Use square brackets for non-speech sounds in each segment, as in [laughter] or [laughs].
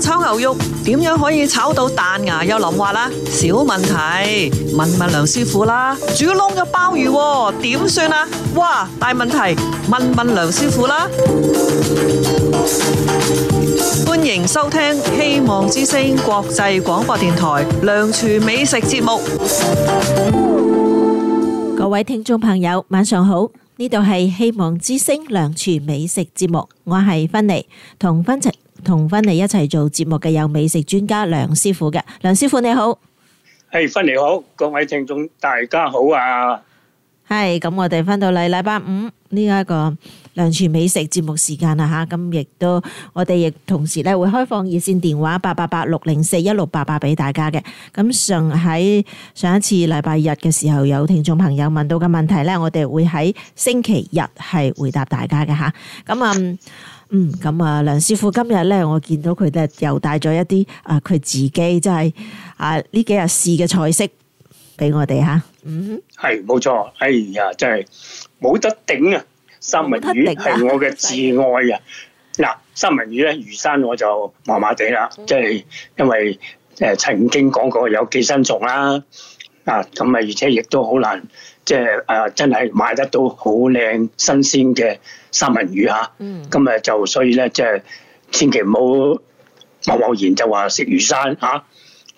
炒牛肉點樣可以炒到彈牙又腍滑啦？小問題，問問梁師傅啦。煮㶶嘅鮑魚，點算啊？哇，大問題，問問梁師傅啦。歡迎收聽《希望之聲》國際廣播電台梁廚美食節目。各位聽眾朋友，晚上好，呢度係《希望之聲》梁廚美食節目，我係芬妮同芬卓。同芬妮一齊做節目嘅有美食專家梁師傅嘅，梁師傅你好。係，芬妮好，各位聽眾大家好啊，係，咁我哋翻到嚟禮拜五呢、這個、一個。梁廚美食節目時間啦吓，咁、啊、亦都我哋亦同時咧會開放熱線電話八八八六零四一六八八俾大家嘅。咁上喺上一次禮拜日嘅時候有聽眾朋友問到嘅問題咧，我哋會喺星期日係回答大家嘅吓。咁啊，嗯，咁、嗯、啊，梁師傅今日咧，我見到佢咧又帶咗一啲啊，佢自己即、就、係、是、啊呢幾日試嘅菜式俾我哋吓。嗯、啊，係冇錯，哎呀，真係冇得頂啊！三文魚係我嘅至愛啊！嗱， [noise] 三文魚咧，魚生我就麻麻地啦，即係 [noise] 因為誒、呃、曾經講過有寄生蟲啦，啊咁啊，而且亦都好難，即係誒真係買得到好靚新鮮嘅三文魚吓，咁啊就所以咧，即係千祈唔好貿貿然就話食魚生吓，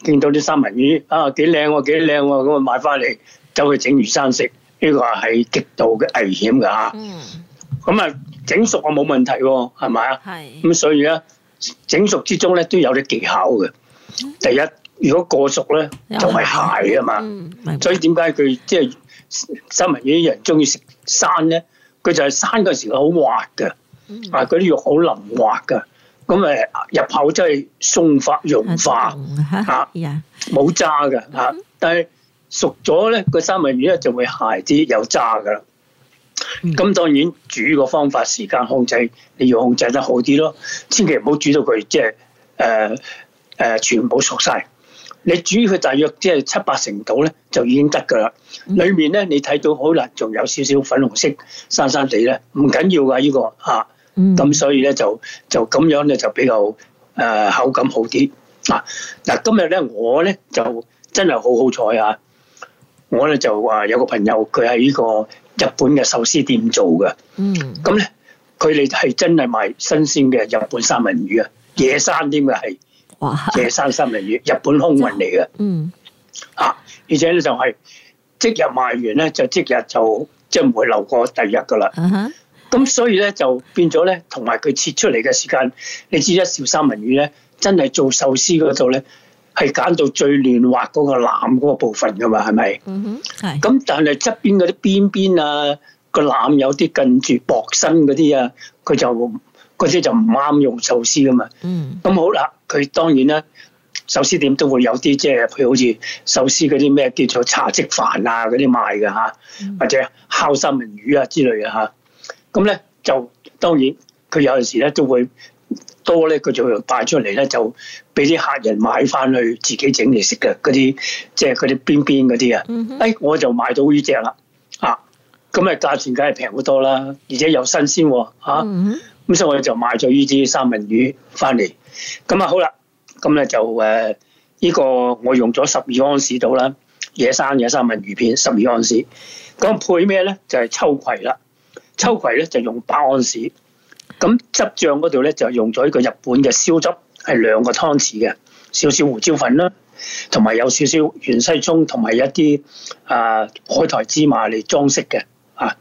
見到啲三文魚啊幾靚喎幾靚喎，咁啊，啊，啊，啊，啊買翻嚟走去整魚生食。呢個係極度嘅危險㗎嚇！咁啊、嗯嗯，整熟呀冇問題喎、哦，係咪啊？係是。咁、嗯、所以咧，整熟之中咧都有啲技巧嘅。第一，如果過熟咧，就係、是、鞋、嗯、啊嘛。所以點解佢即係三文魚嗰啲人中意食生咧？佢、嗯嗯、就係生嗰時佢好滑嘅，啊，嗰啲肉好淋滑嘅。咁誒入口真係鬆化溶化嚇，冇渣嘅嚇，但係，熟咗咧，個三文魚咧就會鞋啲，有渣噶啦。咁當然煮個方法、時間控制，你要控制得好啲咯。千祈唔好煮到佢即係誒誒全部熟晒。你煮佢大約即係七八成度咧，就已經得噶啦。嗯、裡面咧你睇到好啦，仲有少少粉紅色、生生地咧，唔緊要噶呢個啊。咁所以咧就就咁樣咧就比較誒、呃、口感好啲啊。嗱今日咧我咧就真係好好彩啊！我咧就話有個朋友，佢喺呢個日本嘅壽司店做嘅，嗯，咁咧佢哋係真係賣新鮮嘅日本三文魚啊，野生添嘅係，哇，野生三文魚，哇日本空運嚟嘅，嗯，啊，而且咧就係即日賣完咧，就即日就即唔會留過第二日噶啦，咁、嗯、哼所以咧就變咗咧，同埋佢切出嚟嘅時間，你知一小三文魚咧，真係做壽司嗰度咧。係揀到最嫩滑嗰個腩嗰個部分㗎嘛，係咪？嗯哼，係。咁但係側邊嗰啲邊邊啊，個腩有啲近住薄身嗰啲啊，佢就嗰啲就唔啱用壽司㗎嘛。嗯。咁好啦，佢當然啦，壽司店都會有啲即係，譬如好似壽司嗰啲咩叫做茶漬飯啊嗰啲賣嘅嚇、啊，嗯、或者烤三文魚啊之類嘅嚇、啊。咁咧就當然佢有陣時咧都會。多咧，佢就帶出嚟咧，就俾啲客人買翻去自己整嚟食嘅嗰啲，即係嗰啲邊邊嗰啲啊。Mm hmm. 哎，我就買到呢隻啦，啊，咁啊價錢梗係平好多啦，而且又新鮮嚇、啊。咁、啊 mm hmm. 所以我就買咗呢隻三文魚翻嚟。咁啊好啦，咁咧就誒呢、啊呢個我用咗十二安士到啦，野生嘅三文魚片十二安士。咁配咩咧？就係、是、秋葵啦。秋葵咧就用八安士。咁汁醬嗰度咧就用咗一個日本嘅燒汁，係兩個湯匙嘅，少少胡椒粉啦，同埋有少少芫茜葱，同埋一啲啊海苔芝麻嚟裝飾嘅，啊，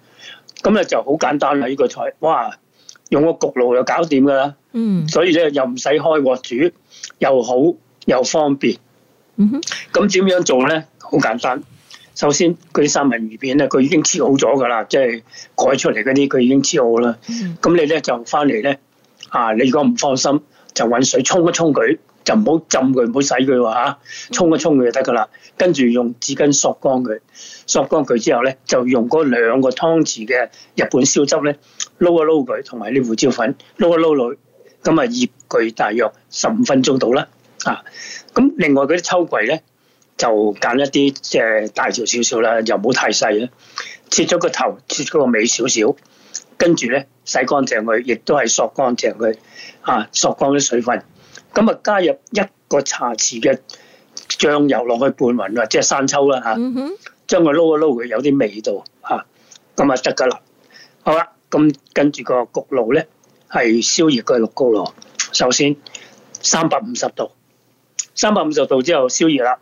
咁咧就好簡單啦！呢個菜，哇，用個焗爐就搞掂噶啦，嗯，所以咧又唔使開鍋煮，又好又方便，咁點樣做咧？好簡單。首先佢啲三文魚片咧，佢已經切好咗噶啦，即係改出嚟嗰啲，佢已經切好啦。咁、嗯、你咧就翻嚟咧，啊，你如果唔放心，就揾水沖一沖佢，就唔好浸佢，唔好洗佢喎嚇，沖一沖佢就得噶啦。跟住用紙巾索乾佢，索乾佢之後咧，就用嗰兩個湯匙嘅日本燒汁咧撈一撈佢，同埋啲胡椒粉撈一撈佢，咁啊醃佢大約十五分鐘到啦。啊，咁另外嗰啲秋葵咧。就揀一啲即係大條少少啦，又唔好太細啦。切咗個頭，切咗個尾少少，跟住咧洗乾淨佢，亦都係嗦乾淨佢，嚇，嗦乾啲水分。咁啊，加入一個茶匙嘅醬油落去拌勻啦、啊，即係生抽啦嚇。嗯、啊 mm hmm. 將佢撈一撈，佢有啲味道嚇，咁啊得㗎啦。好啦，咁跟住個焗爐咧，係燒熱個焗爐。首先三百五十度，三百五十度之後燒熱啦。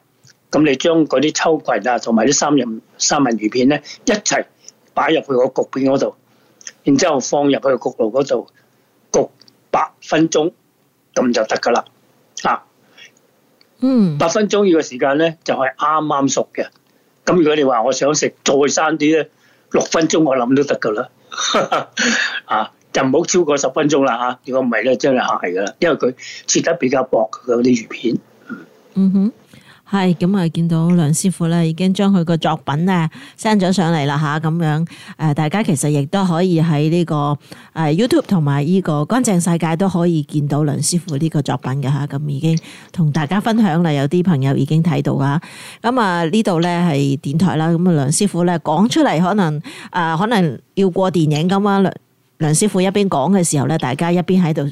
咁你將嗰啲秋葵啊，同埋啲三文三文魚片咧，一齊擺入去個焗片嗰度，然之後放入去個焗爐嗰度焗八分鐘，咁就得噶啦啊。嗯，八分鐘呢個時間咧就係啱啱熟嘅。咁如果你話我想食再生啲咧，六分鐘我諗都得噶啦。 [laughs] 啊，就唔好超過十分鐘啦嚇。如果唔係咧，真係蝦噶啦，因為佢切得比較薄嗰啲魚片。嗯哼。係咁啊！見到梁師傅咧，已經將佢個作品咧 send 咗上嚟啦吓，咁樣誒，大家其實亦都可以喺呢、這個誒、啊、YouTube 同埋呢個乾淨世界都可以見到梁師傅呢個作品嘅吓，咁、啊、已經同大家分享啦。有啲朋友已經睇到㗎。咁啊，呢度咧係電台啦。咁啊，梁師傅咧講出嚟，可能誒、啊，可能要過電影咁啊。梁師傅一邊講嘅時候咧，大家一邊喺度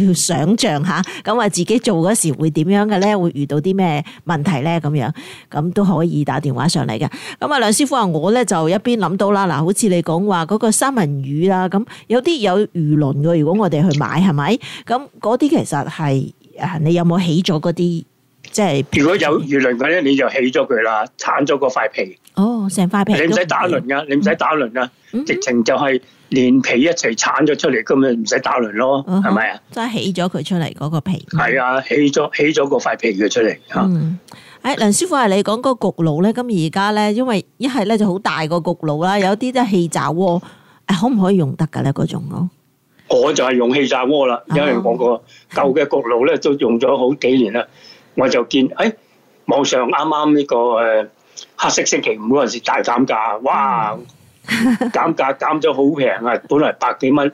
要想像下，咁話自己做嗰時會點樣嘅咧？會遇到啲咩問題咧？咁樣咁都可以打電話上嚟嘅。咁啊，梁師傅話我咧就一邊諗到啦。嗱，好似你講話嗰個三文魚啦，咁有啲有魚鱗嘅。如果我哋去買係咪？咁嗰啲其實係啊，你有冇起咗嗰啲？即係如果有魚鱗嘅咧，你就起咗佢啦，剷咗嗰塊皮。哦，成塊皮，你唔使打輪噶嗯、你唔使打輪噶嗯、直情就係連皮一齊剷咗出嚟，咁咪唔使打輪咯，係咪啊？係係即係起咗佢出嚟嗰個皮。係啊，起咗起咗個塊皮嘅出嚟吓。誒、嗯，梁、哎、師傅，係你講嗰個焗爐咧，咁而家咧，因為一係咧就好大個焗爐啦，有啲即係氣炸鍋，可、啊、唔可以用得噶咧？嗰種咯，我就係用氣炸鍋啦，啊啊因為我個舊嘅焗爐咧都用咗好幾年啦，我就見誒、哎、網上啱啱呢個誒。呃黑色星期五嗰陣時大減價，哇！減、嗯、價減咗好平啊， [laughs] 本嚟百幾蚊，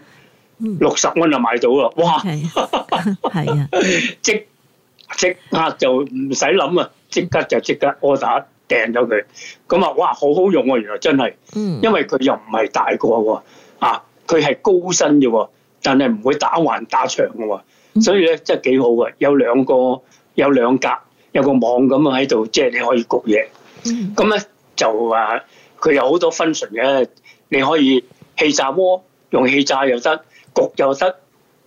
六十蚊就買到啦。哇！係、嗯、 [laughs] 啊，啊 [laughs] 即即刻就唔使諗啊，即刻就即刻 order 訂咗佢。咁啊，哇，好好用喎、啊，原來真係，因為佢又唔係大個喎，啊，佢係高身嘅，但係唔會打橫打長嘅喎，所以咧真係幾好嘅。有兩個有兩格有，兩個，有個網咁啊喺度，即、就、係、是、你可以焗嘢。咁咧、嗯、就話、啊、佢有好多 function 嘅，你可以氣炸鍋用氣炸又得，焗又得，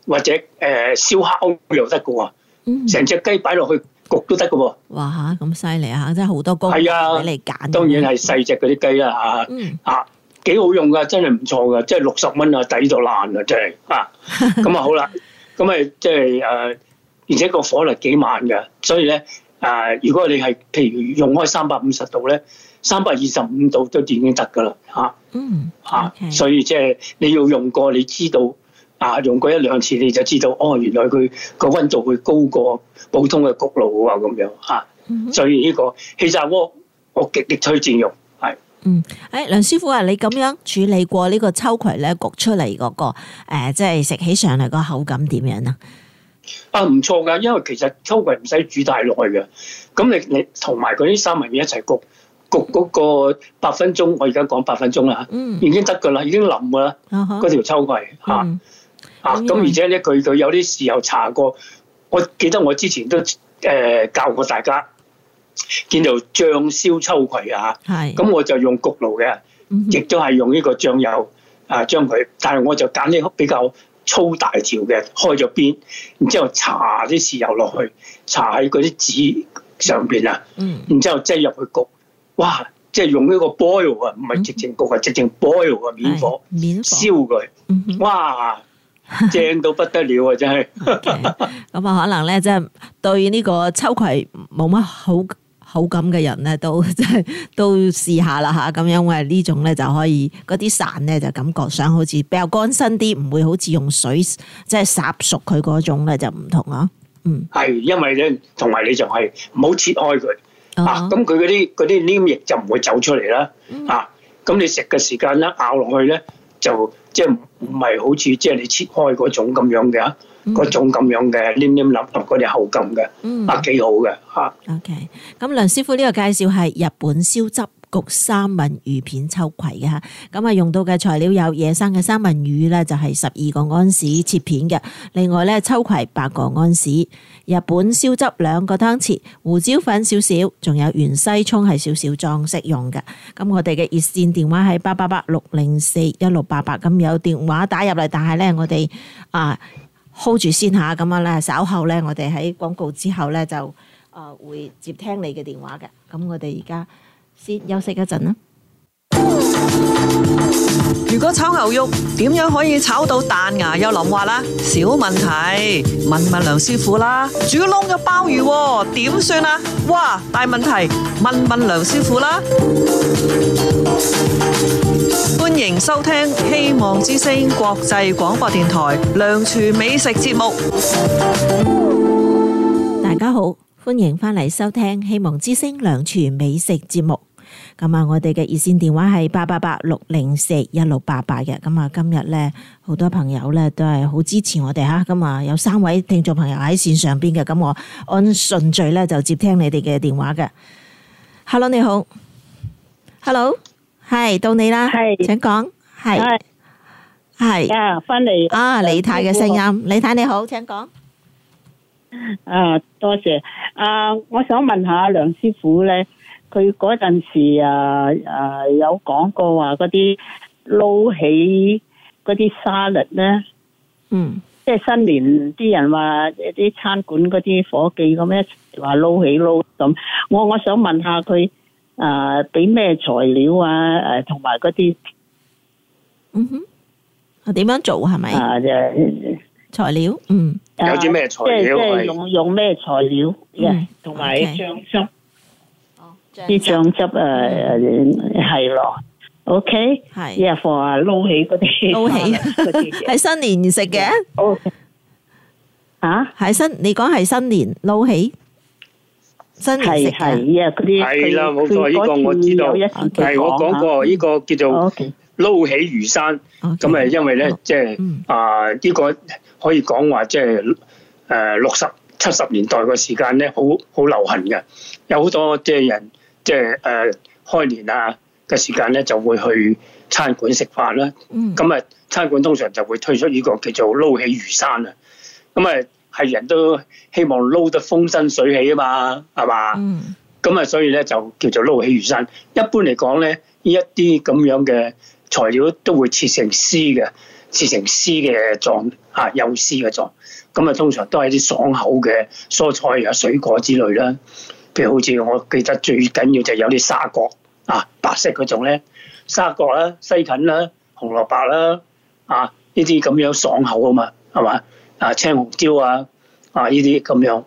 或者誒、呃、燒烤又得嘅喎，成隻、嗯、雞擺落去焗都得嘅喎。哇嚇，咁犀利嚇，真係好多功能俾你揀。當然係細隻嗰啲雞啦嚇嚇，幾好用噶，真係唔錯噶，即係六十蚊啊，抵到爛啊真係啊！咁 [laughs] 啊好啦，咁咪即係誒，而且個火力幾慢嘅，所以咧。誒、呃，如果你係譬如用開三百五十度咧，三百二十五度都已經得噶啦嚇。啊、嗯嚇，okay. 所以即係你要用過，你知道啊，用過一兩次你就知道，哦，原來佢個溫度會高過普通嘅焗爐啊。咁樣嚇。嗯、哼所以呢個氣炸鍋我極力推薦用係。嗯，誒、哎，梁師傅啊，你咁樣處理過呢個秋葵咧，焗出嚟嗰、那個誒，即係食起上嚟個口感點樣啊？啊，唔錯噶，因為其實秋葵唔使煮太耐嘅，咁你你同埋嗰啲三文魚一齊焗，焗嗰個八分鐘，我而家講八分鐘啦吓，嗯、已經得噶啦，已經淋噶啦，嗰條秋葵吓，啊，咁而且咧，佢佢有啲豉油搽過，我記得我之前都誒、呃、教過大家，叫做醬燒秋葵啊，係的，咁我就用焗爐嘅，亦都係用呢個醬油啊，將佢，但係我就揀啲比較。粗大條嘅，開咗邊，然之後搽啲豉油落去，搽喺嗰啲紙上邊啊，嗯、然之後擠入去焗，哇！即係用呢個 boil 啊，唔係直情焗啊，直情 boil 啊，哎，面火，面火，燒佢，嗯哼，哇！正到不得了啊， [laughs] 真係的。咁啊，可能咧，即係對呢個秋葵冇乜好，口感嘅人咧，都即係 [laughs] 都試下啦吓，咁因為呢種咧就可以嗰啲散咧就感覺上好似比較乾身啲，唔會好似用水即係烚熟佢嗰種咧就唔同啊。嗯，係因為咧，同埋你就係唔好切開佢、uh huh. 啊,咁佢嗰啲啲黏液就唔會走出嚟啦。啊，咁你食嘅時間咧咬落去咧就即係唔係好似即係你切開嗰種咁樣嘅。嗰、嗯嗯、種咁樣嘅黏黏腍腍嗰啲口感嘅，啊、嗯，幾好嘅吓。嗯、OK，咁、嗯、梁師傅呢個介紹係日本燒汁焗三文魚片秋葵嘅吓。咁、嗯、啊，用到嘅材料有野生嘅三文魚呢就係十二個安士切片嘅。另外呢，秋葵八個安士，日本燒汁兩個湯匙，胡椒粉少少，仲有芫荽葱係少少裝飾用嘅。咁、嗯、我哋嘅熱線電話係八八八六零四一六八八。咁有電話打入嚟，但係呢，我哋啊～hold 住先吓，咁樣咧稍後咧，我哋喺廣告之後咧就啊會接聽你嘅電話嘅。咁我哋而家先休息一陣啦。如果炒牛肉點樣可以炒到彈牙又淋滑啦？小問題，問問梁師傅啦。煮㶶嘅鮑魚，點算啊？哇，大問題，問問梁師傅啦。歡迎收聽《希望之聲》國際廣播電台梁廚美食節目。大家好，歡迎翻嚟收聽《希望之聲》梁廚美食節目。咁啊，我哋嘅熱線電話係八八八六零四一六八八嘅。咁啊，今日呢，好多朋友呢都係好支持我哋吓。咁啊，有三位聽眾朋友喺線上邊嘅。咁我按順序呢，就接聽你哋嘅電話嘅。Hello，你好。Hello。係到你啦，請講，係係啊，翻嚟啊，李太嘅聲音，李太你好，請講。啊，多謝。啊，我想問下梁師傅咧，佢嗰陣時啊啊有講過話嗰啲撈起嗰啲沙律咧，嗯，即係新年啲人話啲餐館嗰啲伙計咁樣話撈起撈咁，我我想問下佢。誒，俾咩材料啊？誒，同埋嗰啲，嗯哼，啊，點樣做係咪？啊，即係材料，嗯，有啲咩材料？即係即係用用咩材料？嗯，同埋醬汁，哦，啲醬汁誒，係咯，OK，係熱火啊，撈起嗰啲，撈起，係新年食嘅，哦，啊，係新，你講係新年撈起。真係係啊！冇錯，呢個我知道。係我講過呢個叫做撈起魚山，咁啊，因為咧即係啊呢個可以講話即係誒六十七十年代嘅時間咧，好好流行嘅，有好多即係人即係誒開年啊嘅時間咧，就會去餐館食飯啦。咁啊、嗯，餐館通常就會推出呢個叫做撈起魚山啊。咁啊～係人都希望撈得風生水起啊嘛，係嘛？咁啊、嗯嗯，所以咧就叫做撈起魚生。一般嚟講咧，呢一啲咁樣嘅材料都會切成絲嘅，切成絲嘅狀，嚇幼絲嘅狀。咁啊，啊，通常都係啲爽口嘅蔬菜啊、水果之類啦。譬如好似我記得最緊要就有啲沙葛啊，白色嗰種咧，沙葛啦、西芹啦、紅蘿蔔啦，啊呢啲咁樣爽口啊嘛，係嘛？啊，青紅椒啊、啊呢啲咁樣，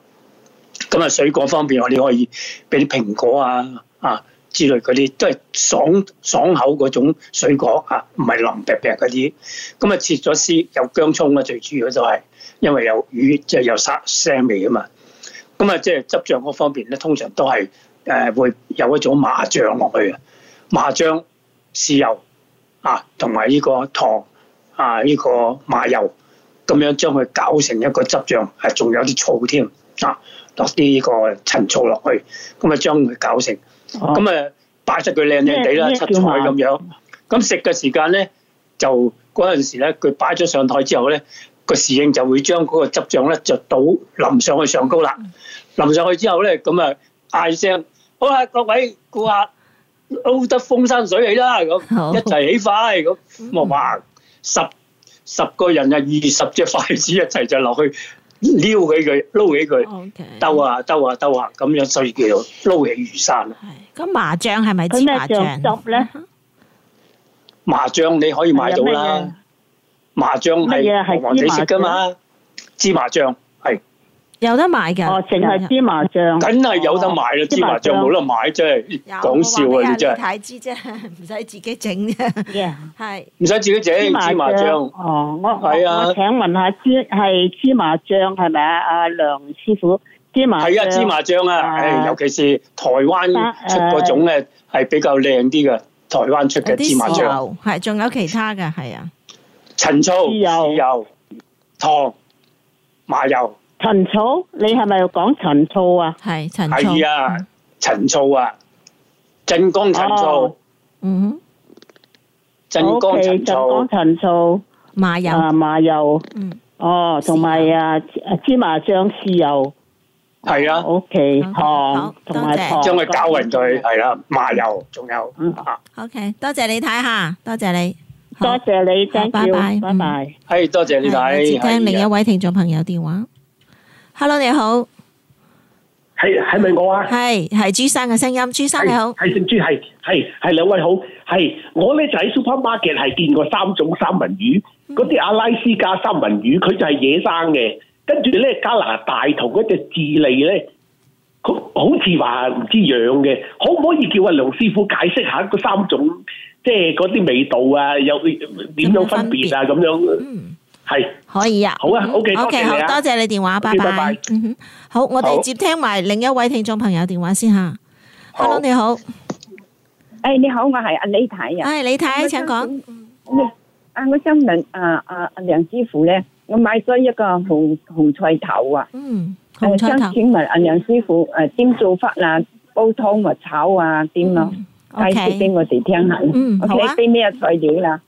咁、嗯、啊水果方面我哋可以俾啲蘋果啊、啊之類嗰啲，都係爽爽口嗰種水果啊，唔係腍啤啤嗰啲。咁、嗯、啊切咗絲有薑葱啊最主要就係，因為有魚即係、就是、有沙腥味啊嘛。咁啊即係汁醬嗰方面咧，通常都係誒、呃、會有一種麻醬落去啊，麻醬、豉油啊同埋呢個糖啊呢、這個麻油。咁樣將佢搞成一個汁醬，係仲有啲醋添，啊落啲呢個陳醋落去，咁啊將佢搞成，咁啊、哦、擺出佢靚靚地啦，麼七彩咁樣。咁食嘅時間咧，就嗰陣時咧，佢擺咗上台之後咧，個侍應就會將嗰個汁醬咧就倒淋上去上高啦，嗯、淋上去之後咧，咁啊嗌聲，嗯、好啊，各位顧客撈得風生水好、嗯、起啦，咁一齊起筷，咁哇十。嗯十個人啊，二十隻筷子一齊就落去撩起佢，撈起佢，兜啊兜啊兜啊，咁樣所以叫做撈起魚生。咁麻醬係咪芝麻醬汁咧？麻醬你可以買到啦，麻醬係我哋食噶嘛，麻芝麻醬。麻醬有得買嘅？哦，淨係芝麻醬，梗係有得買啦！芝麻醬冇得買啫，真係講笑啊！你真係，有得啫，唔使自己整啫，係，唔使自己整芝麻醬。哦，我我啊，請問下，芝係芝麻醬係咪啊？阿梁師傅，芝麻係啊芝麻醬啊，誒，尤其是台灣出嗰種咧，係比較靚啲嘅，台灣出嘅芝麻醬。係，仲有其他嘅係啊，陳醋、豉油、糖、麻油。陳醋，你係咪講陳醋啊？係陳醋啊，陳醋啊，鎮江陳醋。嗯。鎮江陳醋麻油啊，麻油。嗯。哦，同埋啊，芝麻醬、豉油。係啊。O K。糖，同埋將佢攪勻，再係啦。麻油，仲有。嗯。好。O K，多謝你睇吓，多謝你，多謝你，thank you，拜拜，拜拜。係，多謝你睇。接聽另一位聽眾朋友電話。Hello，你好，係係咪我啊？係係朱生嘅聲音，朱生你好，係姓朱係係係兩位好，係我咧就喺 Supermarket 係見過三種三文魚，嗰啲阿拉斯加三文魚佢就係野生嘅，跟住咧加拿大同嗰隻智利咧，好好似話唔知樣嘅，可唔可以叫阿梁師傅解釋下嗰三種即係嗰啲味道啊，有點樣分別啊咁樣？係可以啊，好啊，OK，OK，好多謝你電話，拜拜。嗯哼，好，我哋接聽埋另一位聽眾朋友電話先吓。Hello，你好，誒，你好，我係阿李太啊。誒，李太，請講。啊，我想問啊啊啊梁師傅咧，我買咗一個紅紅菜頭啊。嗯，紅菜頭。想請問阿梁師傅誒，點做法啊？煲湯啊炒啊？點啊？介紹俾我哋聽下。嗯，好啊。ok，啲咩嘢材料啦？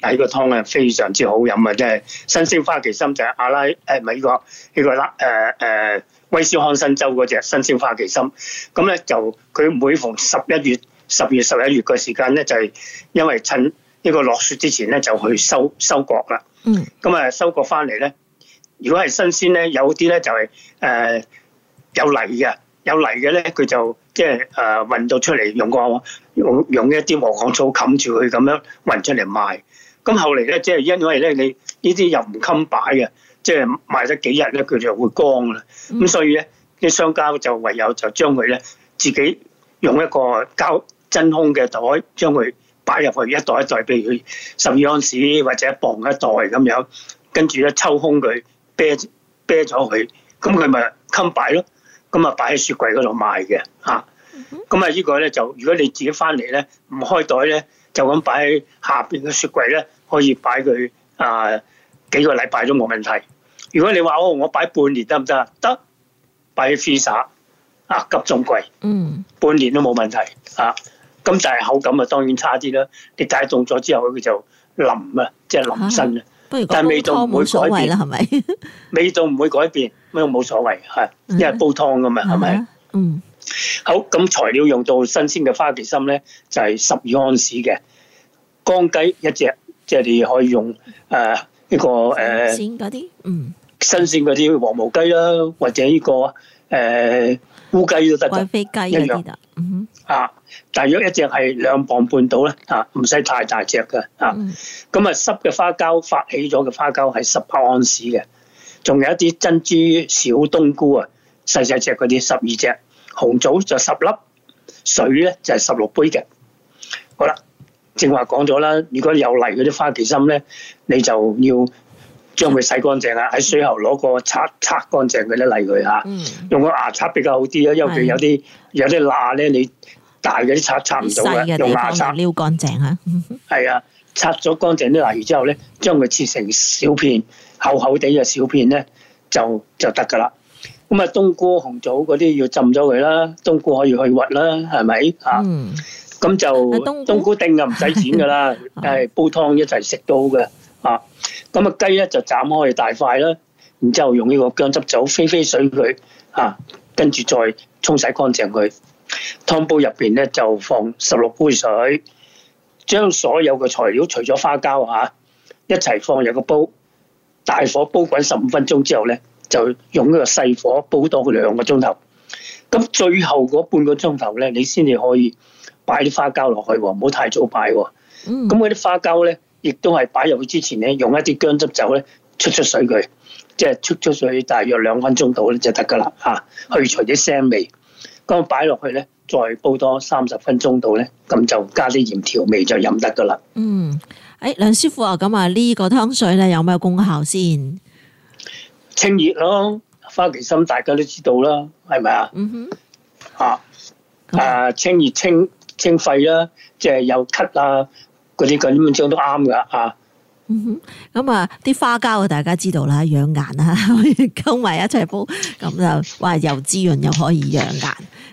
喺個湯咧非常之好飲啊！即係新鮮花旗參就係阿拉誒，美國呢個呢個拉威斯康辛州嗰隻新鮮花旗參，咁咧就佢每逢十一月、十月、十一月嘅時間咧，就係因為趁呢個落雪之前咧，就去收收割啦。嗯。咁啊，收割翻嚟咧，如果係新鮮咧，有啲咧就係誒有泥嘅，有泥嘅咧佢就即係誒運到出嚟，用個用用一啲禾稈草冚住佢咁樣運出嚟賣。咁後嚟咧，即係因為咧，你呢啲又唔襟擺嘅，即係賣得幾日咧，佢就會光啦。咁所以咧，啲商家就唯有就將佢咧自己用一個膠真空嘅袋將佢擺入去一袋一袋，譬如十二安士或者磅一袋咁樣，跟住咧抽空佢啤啤咗佢，咁佢咪襟擺咯。咁啊，擺喺雪櫃嗰度賣嘅吓。咁啊，呢個咧就如果你自己翻嚟咧，唔開袋咧。就咁擺喺下邊嘅雪櫃咧，可以擺佢啊幾個禮拜都冇問題。如果你話哦，我擺半年得唔得啊？得，擺喺 freezer 啊急凍櫃，嗯，半年都冇問題啊。咁就係口感啊，當然差啲啦。你解凍咗之後，佢就腍、是、啊，即係腍身啊。但係味道唔會改變啦，係咪？味道唔會改變，咩冇所， [laughs] 所謂，係因為煲湯㗎嘛，係咪、嗯啊？吧嗯。好咁，材料用到新鮮嘅花旗參咧，就係十二安士嘅乾雞一隻，即係你可以用誒呢、呃、個誒鮮啲，嗯新鮮嗰啲黃毛雞啦，或者呢、這個誒烏雞都得，貴妃雞一樣，啊，大約一隻係兩磅半到咧啊，唔使太大隻噶啊。咁啊、嗯，濕嘅花膠發起咗嘅花膠係十八安士嘅，仲有一啲珍珠小冬菇啊，細細隻嗰啲十二隻。紅棗就十粒，水咧就是、十六杯嘅。好啦，正話講咗啦。如果有泥嗰啲花旗參咧，你就要將佢洗乾淨啊！喺水喉攞個刷刷乾淨嗰啲泥佢嚇，用個牙刷比較好啲啊，因為有啲有啲罅咧，你大嘅啲刷刷唔到嘅，用牙刷撩乾淨嚇。係啊，刷咗乾淨啲泥之後咧，將佢切成小片，厚厚哋嘅小片咧，就就得㗎啦。咁啊，冬菇、紅棗嗰啲要浸咗佢啦，冬菇可以去核啦，係咪、嗯、啊？咁就冬菇丁就唔使錢噶啦，係 [laughs] 煲湯一齊食都好嘅。啊，咁、嗯、啊雞咧就斬開大塊啦，然之後用呢個薑汁酒飛飛水佢，啊，跟住再沖洗乾淨佢。湯煲入邊咧就放十六杯水，將所有嘅材料除咗花膠嚇、啊，一齊放入個煲，大火煲滾十五分鐘之後咧。就用呢個細火煲多佢兩個鐘頭，咁最後嗰半個鐘頭咧，你先至可以擺啲花膠落去，唔好太早擺、啊。嗯。咁嗰啲花膠咧，亦都係擺入去之前咧，用一啲薑汁酒咧，出出水佢，即係出出水大約兩分鐘度咧就得噶啦，吓、啊，去除啲腥味。咁擺落去咧，再煲多三十分鐘度咧，咁就加啲鹽調味就飲得噶啦。嗯。誒、哎，梁師傅啊，咁啊呢個湯水咧有咩功效先？清熱咯，花旗參大家都知道啦，係咪、mm hmm. 啊？嚇 Okay.、啊，誒清熱清清肺啦，即係有咳啊嗰啲咁樣都啱噶嚇。啊。咁啊，啲、 [noise] 嗯、花膠大家知道啦，養顏啊，溝 [laughs] 埋一齊煲，咁就哇又滋潤又可以養顏。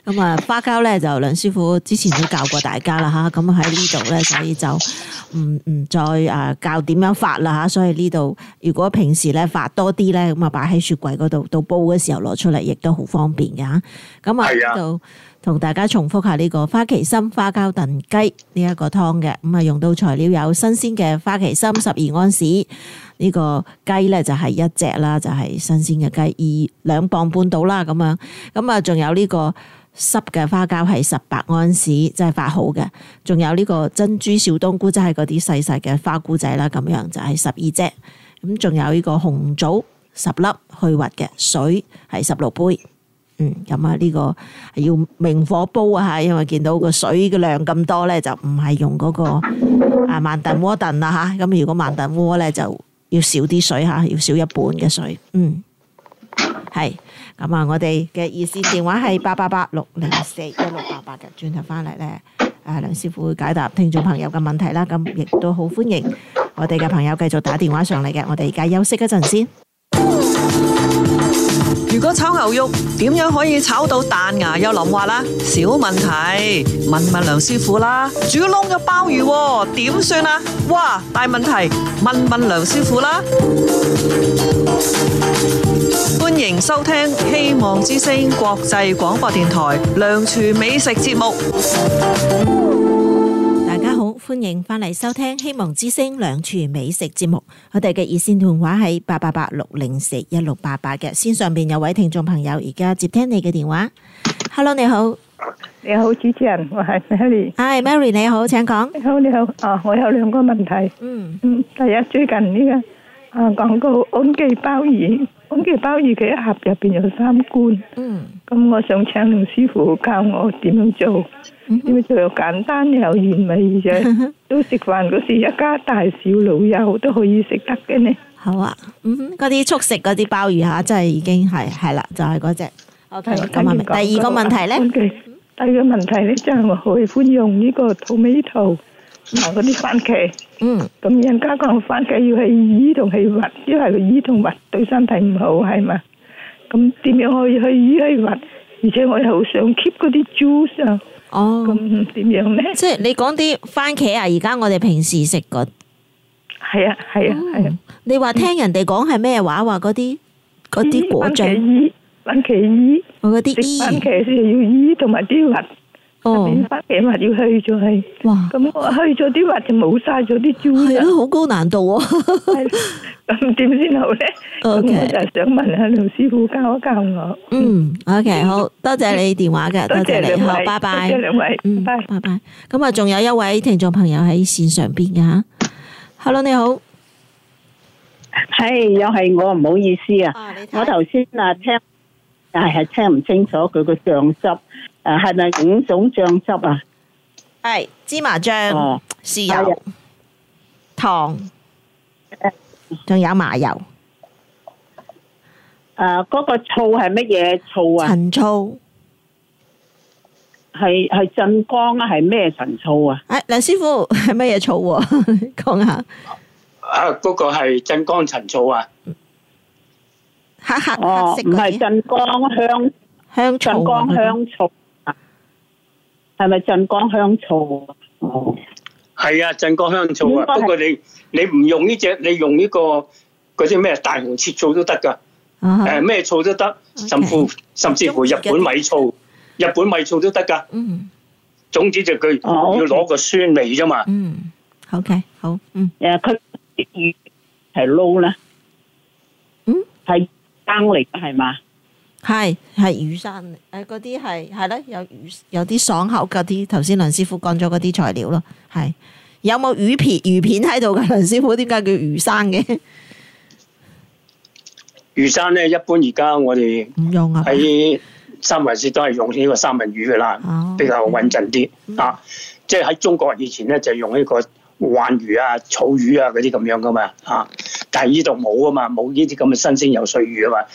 咁、嗯、啊，花膠咧就梁師傅之前都教過大家啦，吓咁喺呢度咧，所以就唔唔再啊教點樣發啦吓。所以呢度如果平時咧發多啲咧，咁啊擺喺雪櫃嗰度，到煲嘅時候攞出嚟，亦都好方便嘅吓。咁啊，呢度。同大家重複下呢個花旗參花膠燉雞呢一個湯嘅，咁啊用到材料有新鮮嘅花旗參十二安士，呢個雞咧就係一隻啦，就係新鮮嘅雞，二兩磅半到啦咁樣，咁啊仲有呢個濕嘅花膠係十八安士，即係發好嘅，仲有呢個珍珠小冬菇，即係嗰啲細細嘅花菇仔啦，咁樣就係十二隻，咁仲有呢個紅棗十粒去核嘅，水係十六杯。嗯，咁啊呢個係要明火煲啊吓，因為見到個水嘅量咁多咧，就唔係用嗰、那個啊慢燉鍋燉啦吓。咁、啊、如果慢燉鍋咧，就要少啲水吓、啊，要少一半嘅水。嗯，係。咁啊，我哋嘅熱線電話係八八八六零四一六八八嘅。轉頭翻嚟咧，誒、啊、梁師傅會解答聽眾朋友嘅問題啦。咁亦都好歡迎我哋嘅朋友繼續打電話上嚟嘅。我哋而家休息一陣先。如果炒牛肉點樣可以炒到彈牙又淋滑啦？小問題，問問梁師傅啦。煮燶咗鮑魚，點算啊？哇，大問題，問問梁師傅啦。歡迎收聽《希望之聲》國際廣播電台梁廚美食節目。歡迎翻嚟收聽《希望之聲梁廚美食節目》，我哋嘅熱線電話係八八八六零四一六八八嘅。線上邊有位聽眾朋友而家接聽你嘅電話。Hello，你好，你好主持人，我係 Mary。Hi，Mary，你好，請講。你好，你好，哦，我有兩個問題。嗯嗯，第一，最近呢個啊廣告安記鮑魚。咁嘅鮑魚嘅，一盒入邊有三罐，咁、嗯、我想請梁師傅教我點樣做，點、嗯、哼樣做又簡單又完美嘅， [laughs] 都食飯嗰時一家大小老友都可以食得嘅呢？好啊，嗰啲速食嗰啲鮑魚吓、啊，真係已經係係啦，就係嗰隻。好、okay, 嗯，咁啊，第二個問題咧，嗯、第二個問題咧，真係我好喜歡用呢個 tomato。嗱嗰啲番茄，嗯，咁人家講番茄要去衣同去核，因為佢衣同核對身體唔好，係嘛？咁點樣可以去衣去核？而且我又好想 keep 嗰啲 juice 啊，哦，咁點樣咧？即係你講啲番茄啊，而家我哋平時食嗰，係啊係啊係啊，你話聽人哋講係咩話？話嗰啲嗰啲果醬，番茄衣，我嗰啲衣，番茄先要衣同埋啲核。變翻嘅話要去就係，咁哇我去咗啲話就冇晒咗啲珠。係啊，好高難度喎、啊。咁點先好咧 Okay. 我就係想問，問下梁師傅教一教我。嗯，OK，好多謝你電話嘅，多謝，多謝你，好，拜拜。多謝兩位，拜拜，嗯，拜拜。咁啊，仲有一位聽眾朋友喺線上邊嘅吓。Hello，你好。係、hey，又係我，唔好意思啊。我頭先啊聽，係、哎、係聽唔清楚佢個上執。誒，係咪五種醬汁啊？係芝麻醬、豉油、糖，仲有麻油。誒，嗰個醋係乜嘢醋啊？陳醋係係鎮江啊？係咩陳醋啊？誒，梁師傅係乜嘢醋？講下啊，嗰個係鎮江陳醋啊，黑黑黑色嗰啲，唔係鎮江香香醋，鎮江香醋。係咪鎮江香醋啊？哦，係啊，鎮江香醋啊。不過你你唔用呢隻，你用呢個嗰啲咩大紅切醋都得噶。誒，咩醋都得，甚至乎甚至乎日本米醋，日本米醋都得噶。嗯，總之就佢要攞個酸味啫嘛。嗯，OK，好。嗯，誒，佢魚係撈咧。嗯，係生嚟噶，係嘛？係係魚生誒，嗰啲係係咧，有魚有啲爽口嗰啲，頭先梁師傅講咗嗰啲材料咯。係有冇魚片魚片喺度噶？梁師傅點解叫魚生嘅？魚生咧，一般而家我哋唔用啊。喺三文士都係用呢個三文魚噶啦，哦、比較穩陣啲啊。即係喺中國以前咧就是、用呢個鯇魚啊、草魚啊嗰啲咁樣噶嘛啊，但係呢度冇啊嘛，冇呢啲咁嘅新鮮游水魚啊嘛。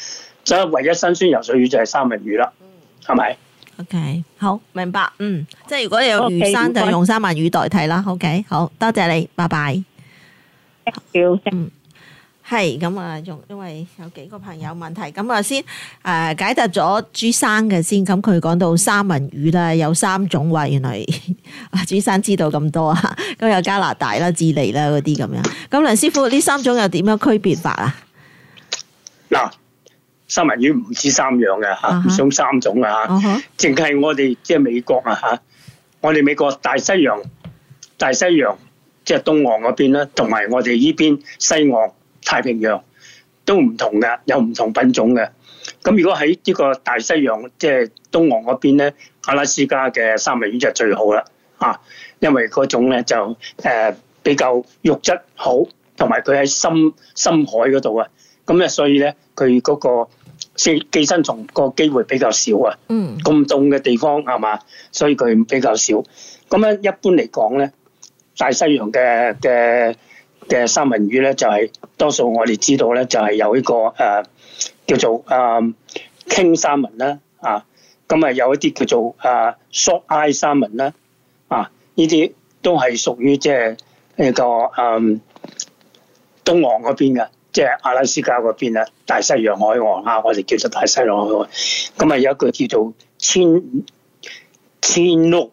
所以唯一新鮮游水魚就係三文魚啦，係咪、嗯、吧？OK，好明白，嗯，即係如果有魚生，就用三文魚代替啦。OK，好多謝你，拜拜。叫係咁啊，用因為有幾個朋友問題，咁啊先誒、呃、解答咗朱生嘅先，咁佢講到三文魚啦，有三種話、啊，原來朱生 [laughs] 知道咁多啊，咁 [laughs] 有加拿大啦、智利啦嗰啲咁樣，咁梁師傅呢三種又點樣區別法啊？嗱。No. 三文魚唔止三樣嘅吓，唔止、uh huh. 三種嘅吓，淨係、uh huh. 我哋即係美國啊嚇，uh huh. 我哋美國大西洋、大西洋即係、就是、東岸嗰邊咧，同埋我哋依邊西岸太平洋都唔同嘅，有唔同品種嘅。咁如果喺呢個大西洋即係、就是、東岸嗰邊咧，阿拉斯加嘅三文魚就最好啦，啊，因為嗰種咧就誒、呃、比較肉質好，同埋佢喺深深海嗰度啊，咁咧所以咧佢嗰個。寄寄生蟲個機會比較少啊，嗯，咁凍嘅地方係嘛，所以佢比較少。咁樣一般嚟講咧，大西洋嘅嘅嘅三文魚咧，就係、是、多數我哋知道咧，就係、是、有一個誒、呃、叫做誒、呃、King 三文啦，啊，咁啊有一啲叫做誒、呃、sockeye 三文啦，啊，呢啲都係屬於即係誒個誒、嗯、東岸嗰邊嘅。即係阿拉斯加嗰邊啊，大西洋海岸啊，我哋叫做大西洋海岸。咁啊，有一句叫做千千鰻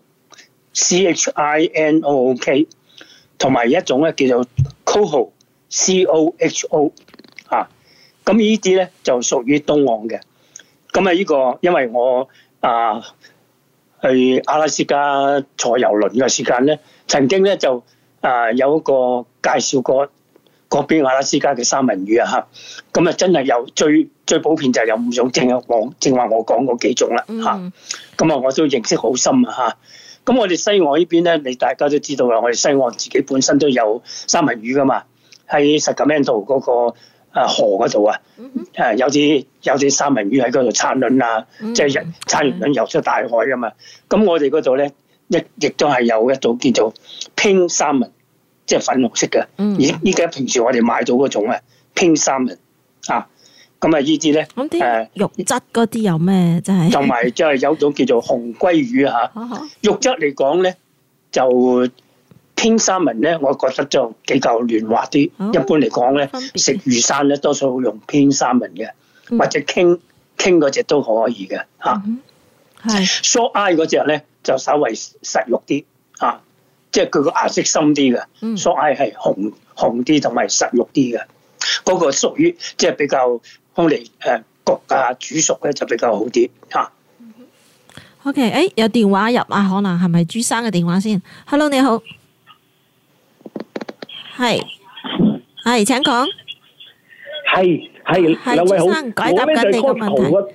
，C H I N O O K，同埋一種咧叫做 coho，C O H O 啊。咁呢啲咧就屬於東岸嘅。咁啊、呢個，呢個因為我啊去阿拉斯加坐遊輪嘅時間咧，曾經咧就啊有一個介紹過。嗰邊阿拉斯加嘅三文魚啊，嚇！咁啊，真係有最最普遍就係有五種，正我正話我講嗰幾種啦，嚇！咁啊、mm，hmm。我都認識好深啊，嚇！咁我哋西岸呢邊咧，你大家都知道啦，我哋西岸自己本身都有三文魚噶嘛，喺十九曼道嗰個河嗰度、mm hmm。啊，誒有啲有啲三文魚喺嗰度產卵啊，即係產完卵遊出大海噶嘛。咁我哋嗰度咧一亦都係有一種叫做 Pink 三文。即係粉紅色嘅，而依家平時我哋買到嗰種嘅 pink salmon 啊，咁啊呢啲咧，誒肉質嗰啲有咩真係？同埋即係有種叫做紅鮭魚吓，啊、 [laughs] 肉質嚟講咧就 pink salmon 咧，我覺得就比較嫩滑啲。哦、一般嚟講咧，別食魚生咧，多數用 pink salmon 嘅，嗯、或者 king king 嗰隻都可以嘅吓，係、啊、sockeye 嗰隻咧就稍微實肉啲吓。啊。即係佢個顏色深啲嘅，粟 I 係紅紅啲同埋實肉啲嘅，嗰、那個屬於即係比較香嚟，誒，焗啊煮熟咧就比較好啲吓。啊、OK，誒有電話入啊，可能係咪朱生嘅電話先？Hello，你好，係係，請講，係係有位好，朱生解答邊你開圖啊，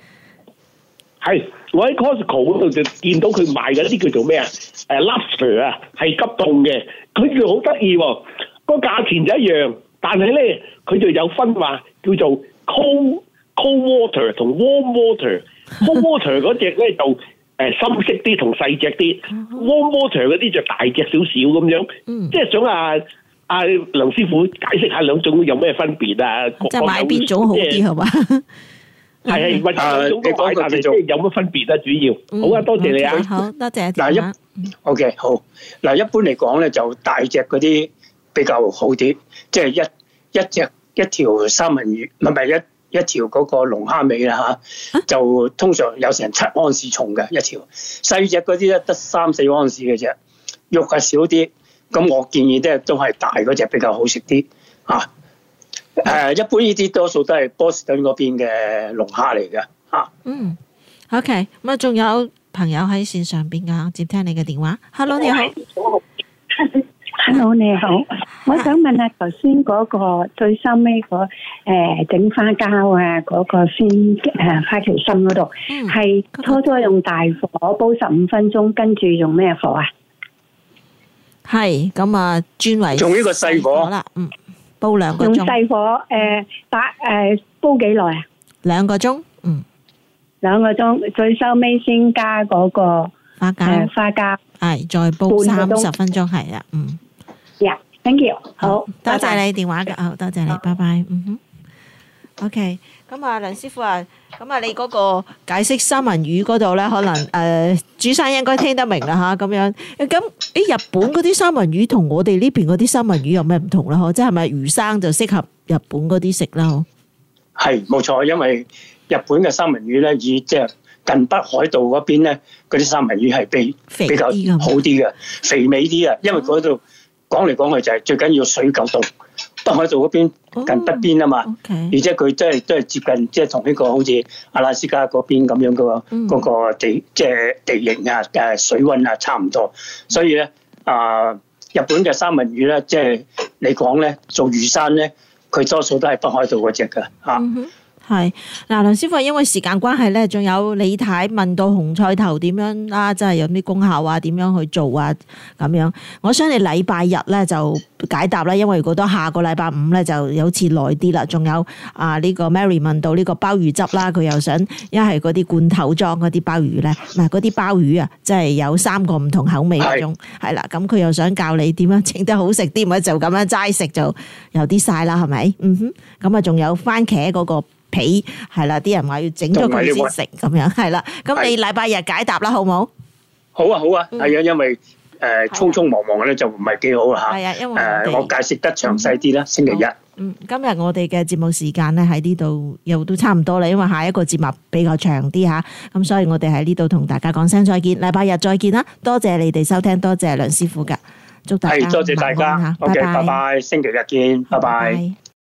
係。我喺 Costco 嗰度就見到佢賣嗰啲叫做咩啊？誒、uh，luster 啊，係急凍嘅。佢叫好得意喎，個價錢就一樣，但係咧佢就有分話叫做 cold cold water 同 warm water。 [laughs] cold water 嗰隻嗰隻咧就誒深色啲同細隻啲，warm water 嗰啲就大隻少少咁樣。嗯、即係想阿、啊、阿、啊、梁師傅解釋下兩種有咩分別啊？即係買邊種好啲係嘛？ [laughs] 係啊，或者 [music] 你講嘅即係有乜分別啊？主要好啊，多謝你啊，好多謝。嗱 [noise] 一樂 [music] [music] ，OK，好。嗱、啊、一般嚟講咧，就大隻嗰啲比較好啲，即係一一隻一條三文魚，唔係一一條嗰個龍蝦尾啦吓，就通常有成七安士重嘅一條，細隻嗰啲咧得三四安士嘅啫，肉係少啲。咁我建議咧都係大嗰隻比較好食啲啊。誒，uh, 一般呢啲多數都係波士頓嗰邊嘅龍蝦嚟嘅吓。嗯，OK，咁、嗯、啊，仲有朋友喺線上邊、啊、噶，接聽你嘅電話。Hello，你好。Hello，你好。啊、我想問下頭先嗰個最收尾嗰誒整花膠啊嗰、那個先誒花旗參嗰度，係、啊嗯、初初用大火煲十五分鐘，跟住用咩火啊？係咁啊，轉為用呢個細火好啦。嗯。煲兩個鐘用細火誒、呃，打誒、呃，煲幾耐啊？兩個鐘，嗯，兩個鐘，最收尾先加嗰、那個花膠，花膠係再煲三十分鐘，係啦，嗯，呀、yeah,，thank you，好，好多謝你電話噶，拜拜。好，多謝你，拜拜，嗯哼。O.K. 咁、嗯、啊，梁師傅啊，咁、嗯、啊，你嗰個解釋三文魚嗰度咧，可能誒主、呃、生應該聽得明啦嚇，咁樣咁誒、欸、日本嗰啲三文魚同我哋呢邊嗰啲三文魚有咩唔同啦？嗬，即係咪魚生就適合日本嗰啲食啦？嗬，係冇錯，因為日本嘅三文魚咧，以即係近北海道嗰邊咧，嗰啲三文魚係比比較好啲嘅，肥美啲嘅，因為嗰度講嚟講去就係、是、最緊要水夠凍。北海道嗰邊近北邊啊嘛，Okay. 而且佢都係都係接近，即係同呢個好似阿拉斯加嗰邊咁樣個嗰個地即係、就是、地形啊、誒水溫啊差唔多，所以咧啊、呃、日本嘅三文魚咧，即、就、係、是、你講咧做魚生咧，佢多數都係北海道嗰隻噶嚇。啊 mm hmm. 係，嗱，梁師傅，因為時間關係咧，仲有李太問到紅菜頭點樣啦，啊，即係有啲功效啊，點樣去做啊咁樣。我想你禮拜日咧就解答啦，因為如果都下個禮拜五咧就有似耐啲啦。仲有啊，呢個 Mary 問到呢個鮑魚汁啦，佢又想一係嗰啲罐頭裝嗰啲鮑魚咧，嗱嗰啲鮑魚啊，即係有三個唔同口味嗰種，係啦的。咁佢又想教你點樣整得好食啲，咪就咁樣齋食就有啲晒啦，係咪？嗯哼，咁啊仲有番茄嗰個。皮係啦，啲人話要整咗佢先食咁樣係啦。咁你禮拜日解答啦，好冇？好啊，好啊。係啊、嗯，因為誒、呃、匆匆忙忙咧就唔係幾好啊。係啊，因為誒我，、呃、我解釋得詳細啲啦。嗯、星期一，嗯，今日我哋嘅節目時間咧喺呢度又都差唔多啦。因為下一個節目比較長啲吓，咁、啊、所以我哋喺呢度同大家講聲再見，禮拜日再見啦。多謝你哋收聽，多謝梁師傅㗎，祝大家多謝大家。嗯、好嘅，拜拜，星期日見，拜拜。